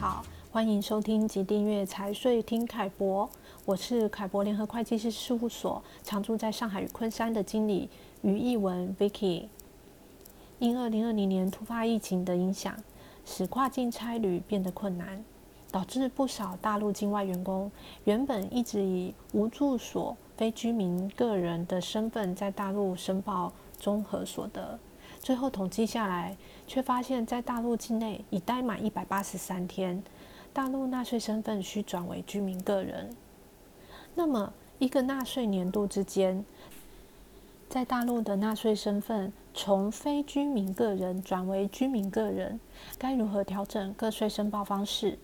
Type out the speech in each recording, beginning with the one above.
好，歡迎收聽及訂閱財稅聽凱博。我是凱博聯合會計師事務所常駐在上海與昆山的經理於一文 Vicky。因二零二零年突發疫情的影響，使跨境差旅變得困難，導致不少大陸境外員工原本一直以無住所非居民個人的身份在大陸申報綜合所得。最後統計下來，却發現，在大陸境內已待滿一百八十三天，大陸納稅身份需轉為居民個人。那麼，一個納稅年度之間，在大陸的納稅身份從非居民個人轉為居民個人，該如何調整個稅申報方式？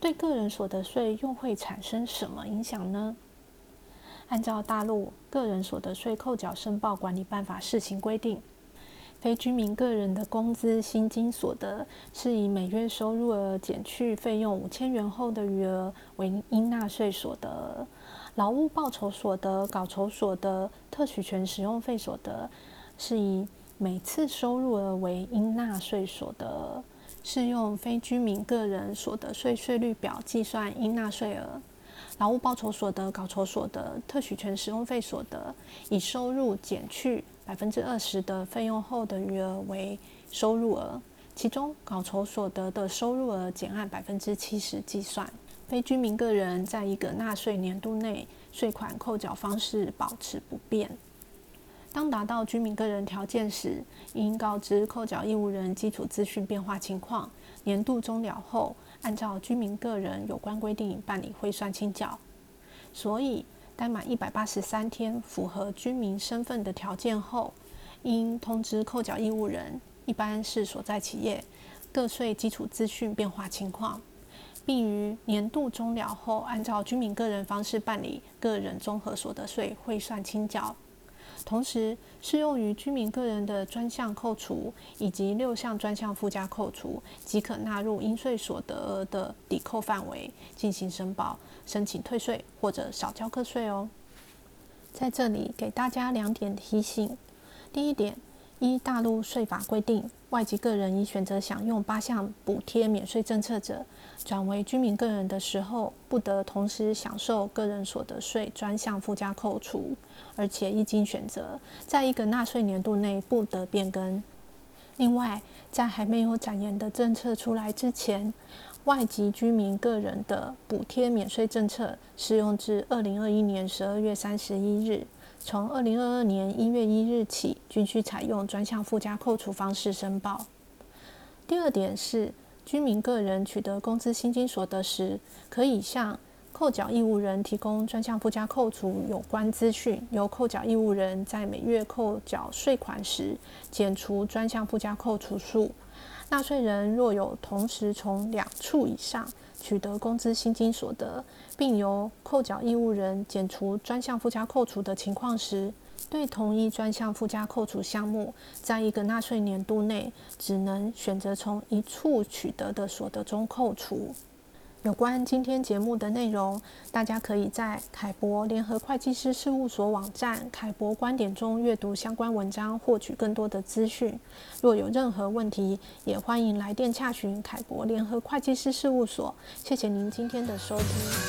對個人所得稅又會產生什麼影響呢？按照《大陸個人所得稅扣繳申報管理辦法（試行）》規定。非居民個人的工資薪金所得，是以每月收入額減去費用五千元後的餘額為應納稅所得；勞務報酬所得、稿酬所得、特許權使用費所得，是以每次收入額為應納稅所得，適用非居民個人所得稅稅率表計算應納稅額。勞務報酬所得、稿酬所得、特許權使用費所得，以收入減去百分之二十的費用後的餘額為收入額，其中稿酬所得的收入額減按百分之七十計算。非居民個人在一個納稅年度內稅款扣繳方式保持不變。當達到居民個人條件時，應告知扣繳義務人基礎資訊變化情況。年度終了後，按照居民個人有關規定辦理匯算清繳。所以，待滿一百八十三天符合居民身份的條件後，應通知扣繳義務人（一般是所在企業），個稅基礎資訊變化情況，並於年度終了後，按照居民個人方式辦理個人綜合所得稅匯算清繳。同時，適用於居民個人的專項扣除以及六項專項附加扣除，即可納入應稅所得額的，的抵扣範圍進行申報、申請退稅或者少交個稅哦。在這裡給大家兩點提醒：第一點。依大陸稅法規定，外籍個人已選擇享用八項補貼免稅政策者，轉為居民個人的時候，不得同時享受個人所得稅專項附加扣除，而且一經選擇，在一個納稅年度內不得變更。另外，在還沒有展延的政策出來之前，外籍居民個人的補貼免稅政策適用至二零二一年十二月三十一日。從二零二二年一月一日起，均需採用專項附加扣除方式申報。第二點是，居民個人取得工資薪金所得時，可以向扣繳義務人提供專項附加扣除有關資訊，由扣繳義務人在每月扣繳稅款時，減除專項附加扣除數。納稅人若有同時從兩處以上。取得工資薪金所得，並由扣繳義務人減除專項附加扣除的情況時，對同一專項附加扣除項目，在一個納稅年度內，只能選擇從一處取得的所得中扣除。有關今天節目的內容，大家可以在凱博聯合會計師事務所網站“凱博觀點”中閱讀相關文章，獲取更多的資訊。若有任何問題，也歡迎來電洽詢凱博聯合會計師事務所。謝謝您今天的收聽。